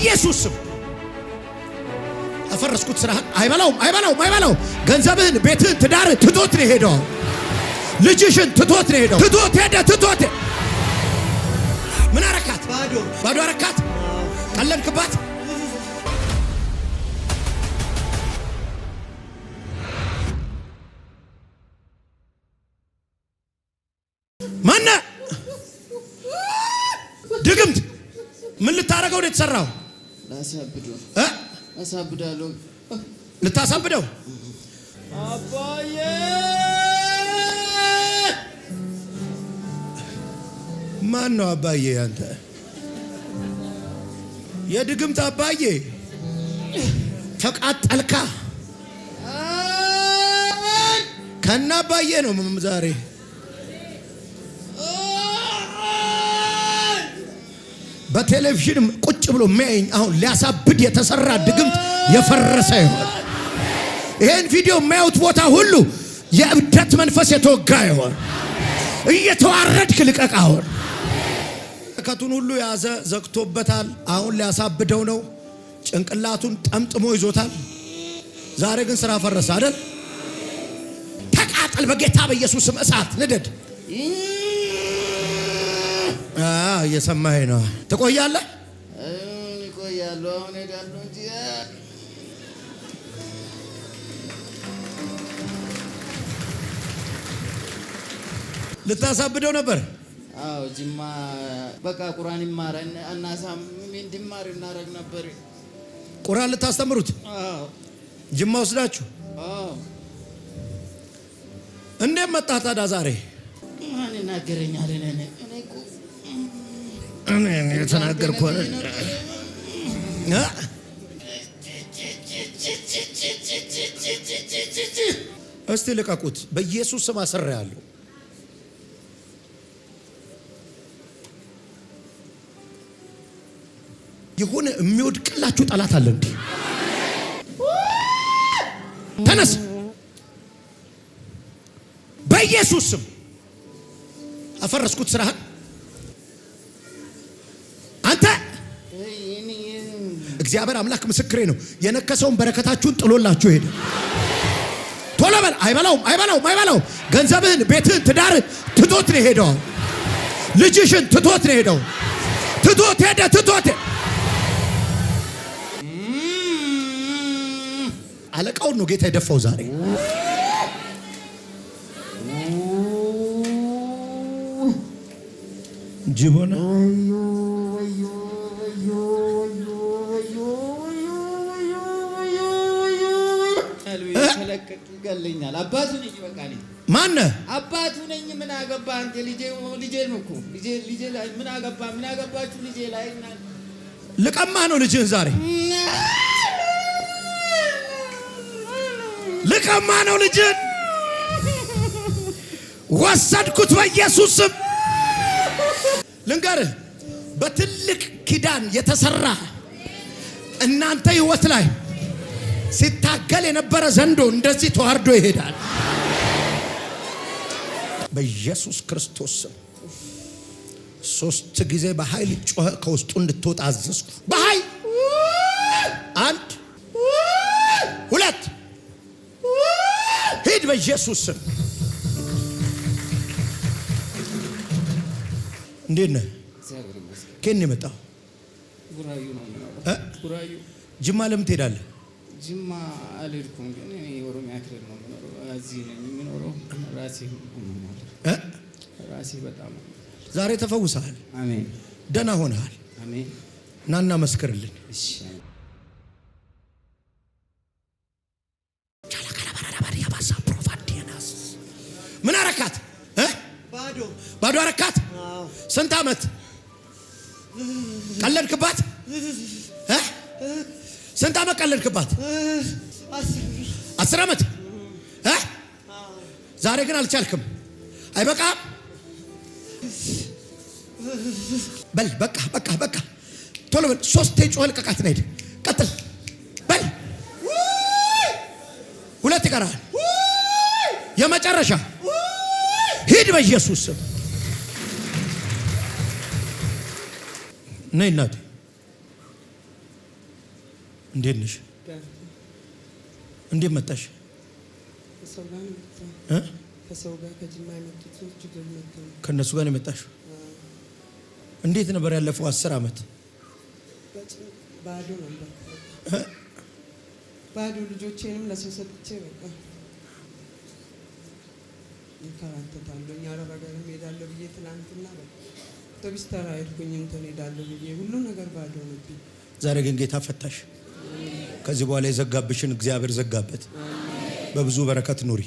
በኢየሱስ ስም አፈረስኩት። ስራህን አይበላውም፣ አይበላውም፣ አይበላውም። ገንዘብህን፣ ቤትህን፣ ትዳር ትቶት ነው ሄደው። ልጅሽን ትቶት ነው ሄደው። ትቶት ሄደ። ትቶት ምን አረካት? ባዶ አረካት። ቀለድክባት። ማነ ድግምት ምን ልታረገው ነው የተሰራው? ልታሳብደው አባዬ ማን ነው አባዬ? አንተ የድግምት አባዬ ተቃጠልካ። ከና አባዬ ነው ምንም ዛሬ በቴሌቪዥን ብሎ ሚያየኝ አሁን ሊያሳብድ የተሰራ ድግምት የፈረሰ ይሆን። ይህን ቪዲዮ የሚያዩት ቦታ ሁሉ የእብደት መንፈስ የተወጋ ይሆን። እየተዋረድክ ልቀቅ። አሁን ከቱን ሁሉ የያዘ ዘግቶበታል። አሁን ሊያሳብደው ነው። ጭንቅላቱን ጠምጥሞ ይዞታል። ዛሬ ግን ስራ ፈረሰ አይደል? ተቃጠል በጌታ በኢየሱስም እሳት ንደድ። እየሰማኸኝ ነው? ትቆያለህ ይቆያሉ። አሁን ሄዳሉ እንጂ ልታሳብደው ነበር። አዎ ጅማ በቃ ቁራን ይማረ እናሳም እንዲማር እናደርግ ነበር። ቁራን ልታስተምሩት ጅማ ወስዳችሁ እንዴት መጣ ታዲያ ዛሬ? ማን ይናገረኛል? አሜን። የተናገርኩ እስቲ ልቀቁት። በኢየሱስ ስም አስሬያለሁ። የሆነ የሚወድቅላችሁ ጠላት አለ። እንዲ ተነስ፣ በኢየሱስ ስም አፈረስኩት ስራህን እግዚአብሔር አምላክ ምስክሬ ነው። የነከሰውን በረከታችሁን ጥሎላችሁ ይሄድ። ቶሎ በል። አይበላውም፣ አይበላውም፣ አይበላውም። ገንዘብህን፣ ቤትህን፣ ትዳርህን ትቶት ነው ሄደው። ልጅሽን ትቶት ነው ሄደው። ትቶት ሄደ፣ ትቶት አለቃውን ነው ጌታ የደፋው ዛሬ ጅቦና ይበቃልኛል። አባቱ ነኝ ይበቃል። ማነ አባቱ ነኝ። ምን አገባ አንተ? ልጄ ልጄ እኮ ልጄ ልጄ ላይ ምን አገባ? ምን አገባችሁ ልጄ ላይ? ልቀማ ነው ልጅህን ዛሬ ልቀማ ነው ልጅህን። ወሰድኩት በኢየሱስም። ልንገርህ በትልቅ ኪዳን የተሰራ እናንተ ህይወት ላይ ሲታገል የነበረ ዘንዶ እንደዚህ ተዋርዶ ይሄዳል። በኢየሱስ ክርስቶስ ስም ሶስት ጊዜ በኃይል ጮኸ። ከውስጡ እንድትወጣ አዘዝኩ። በኃይል አንድ ሁለት ሂድ፣ በኢየሱስ ስም። እንዴት ነህ? የመጣው? ጅማ ለምን ትሄዳለህ? ጅማ አልሄድኩም፣ ግን እኔ ኦሮሚያ ክልል ነው የምኖረው። እዚህ ነው የሚኖረው። ራሴ ራሴ በጣም ዛሬ ተፈውሰሃል። አሜን። ደህና ሆነሃል። አሜን። ናና መስክርልን። ምን አረካት? ባዶ አረካት። ስንት ዓመት ቀለድክባት? ስንት ዓመት ቀለድክባት? አስር ዓመት ዛሬ ግን አልቻልክም። አይበቃም? በል በቃ በቃ በቃ ቶሎ በል። ሶስቴ ጮህ ልቀቃት። ነሄድ ቀጥል በል። ሁለት ይቀራል። የመጨረሻ ሂድ። በኢየሱስ ስም ነይ እናቴ እንዴት ነሽ? እንዴት መጣሽ? ከእነሱ ጋር ነው የመጣሽ? እንዴት ነበር ያለፈው አስር አመት ባዶ ነበር። ባዶ ልጆቼንም ለሰው ሰጥቼ በቃ ይከራተታለሁ። እኛ አረብ ሀገር ሄዳለሁ ብዬ ትናንትና አውቶቢስ ተራ ሄድኩኝ እንትን ሄዳለሁ ብዬ ሁሉ ነገር ባዶ ነብኝ። ዛሬ ግን ጌታ ፈታሽ። ከዚህ በኋላ የዘጋብሽን እግዚአብሔር ዘጋበት። በብዙ በረከት ኑሪ።